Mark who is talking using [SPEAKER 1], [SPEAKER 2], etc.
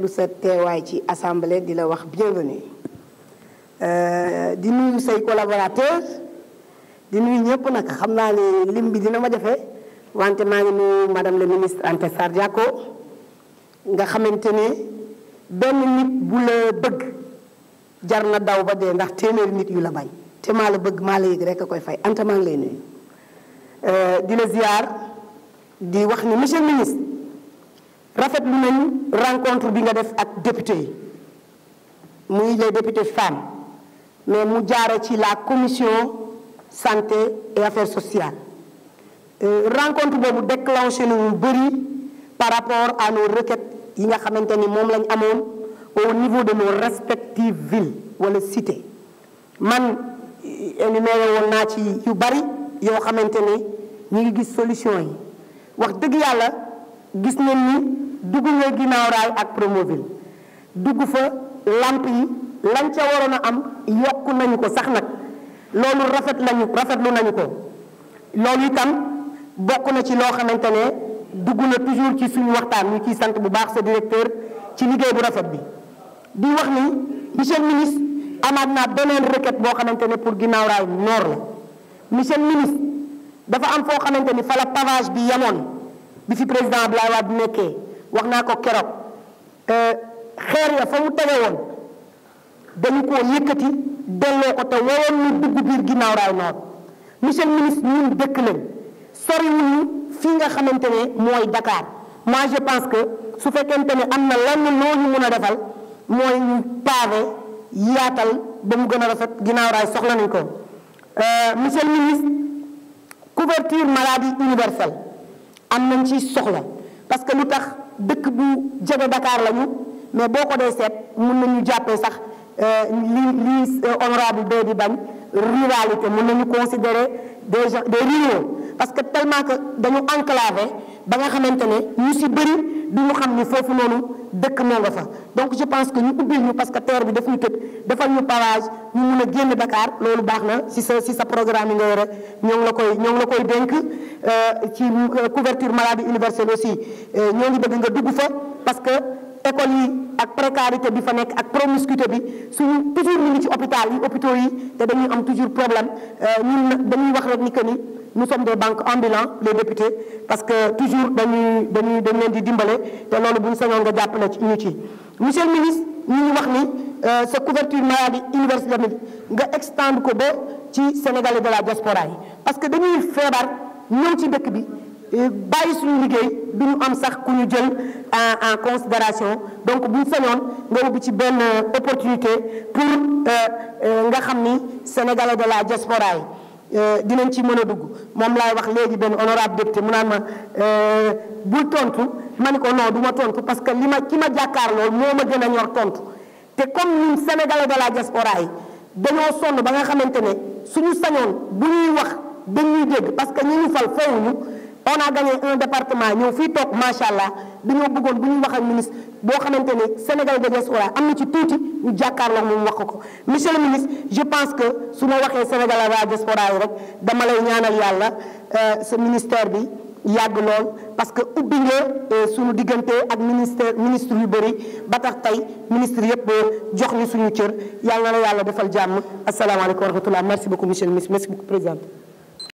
[SPEAKER 1] lu sa teewaay ci assemblée di la wax bienvenue euh, di nuyu say collaborateur di nuyu ñëpp nag xam naa ne lim bi dina ma jafe wante maa ngi nuyu madame le ministre Anta Sarr nga xamante ne benn nit bu la bëgg jar na daw ba dee ndax téeméeri nit yu la bañ te maa la bëgg maa la yëg rek a koy fay Anta maa ngi lay nuyu euh, di la ziar di wax ni monsieur ministre rafet lu nañ rencontre bi nga def ak député yi muy les députés femmes mais mu jaare ci la commission santé et affaires sociales euh, rencontre boobu déclenché nañu bëri par rapport à nos requêtes yi nga xamante ni moom lañ amoon au niveau de nos respectives villes wala cités man euh, énuméré woon naa ci yu bëri yoo xamante ni ñu ngi gis solution yi wax dëgg yàlla gis nañ ni dugg nga ginnaaw raay ak Promoville dugg fa lamp yi lañ ca waroon a am yokk nañu ko sax nag loolu rafet lañu rafetlu nañu ko loolu itam bokk na ci loo xamante ne dugg na toujours ci suñu waxtaan ñu ciy sant bu baax sa directeur ci liggéey bu rafet bi di wax ni monsieur le ministre amaat naa beneen requête boo xamante ne pour ginnaaw raay noor la monsieur le ministre dafa am foo xamante ni fa pavage bi yemoon bi fi président Abdoulaye Wade nekkee wax naa ko keroog xeer ya fa mu tege woon dañu koo yëkkati delloo ko te waroon ñu dugg biir ginnaaw raay noor monsieur le ministre ñun dëkk lañ soriwuñu fii nga xamante ne mooy dakaar moi je que su fekkente ne am na lenn loo a defal mooy ñu pavé yaatal ba gën a rafet ginnaaw raay soxla nañ ko euh, monsieur le ministre couverture maladie universelle am nañ ci soxla. parce que lu tax dëkk bu jege Dakar lañu mais boo ko dee seet mun nañu jàppee sax euh, li li euh, honorable bee di bañ ruralité mun nañu considérer des gens des ruraux parce que tellement que dañu enclavé ba nga xamante ne ñu si bëri du ñu xam ni foofu noonu dëkk moo nga fa donc je pense que ñu ubbil ñu parce que terre bi daf ñu tëj defal ñu pavage ñu mun a génn Dakar loolu baax na si sa si sa programme yi nga yore ñoo ngi la koy ñoo ngi la koy dénk euh, ci euh, couverture maladie universelle aussi euh, ñoo ngi dëgg nga dugg fa parce que école yi ak précarité bi fa nekk ak promiscuité bi suñu toujours ñu ngi ci hôpital yi hôpitaux yi te dañuy am toujours problème ñun dañuy wax rek ni que ni nous sommes de banques ambulants les députés parce que toujours dañuy dañuy dañ leen di dimbale te loolu bu ñu sañoon nga jàppale ci ñu ci monsieur le ministre ñu ngi wax ni euh, sa couverture maladie universelle nga extendre ko ba ci sénégalais de la diaspora yi parce que dañuy feebar ñëw ci dëkk bi euh, bàyyi suñu liggéey du ñu am sax ku ñu jël en en considération donc bu ñu sañoon nga ubbi ci benn euh, opportunité pour nga xam ni sénégalais de la diaspora yi Euh, dinañ ci mën a dugg moom laay wax léegi benn honorable député mu naan ma euh, bul tontu ma ni ko non du ma tontu parce que li ma ki ma jàkkaar lool moo ma gën a ñor tontu te comme ñun sénégalais de la diaspora yi dañoo sonn ba nga xamante ne suñu sañoon bu ñuy wax dañuy dégg parce que ñi ñu fal fawuñu on a gagné un département ñëw fii toog macha allah dañoo bëggoon bu ñuy wax ak ministre boo xamante ne Sénégal de diaspora am na ci tuuti ñu jàkkaarloo moom wax ko monsieur le ministre je pense que su ma waxee Sénégal waa diaspora yi rek dama lay ñaanal yàlla euh, sa ministère bi yàgg lool parce que ubbi nga euh, suñu diggante ak ministère ministre yu bëri ba tax tey ministre yëpp euh, jox ñu suñu cër yàlla na la yàlla defal jàmm asalaamaaleykum wa rahmatullah merci beaucoup monsieur le ministre merci beaucoup présidente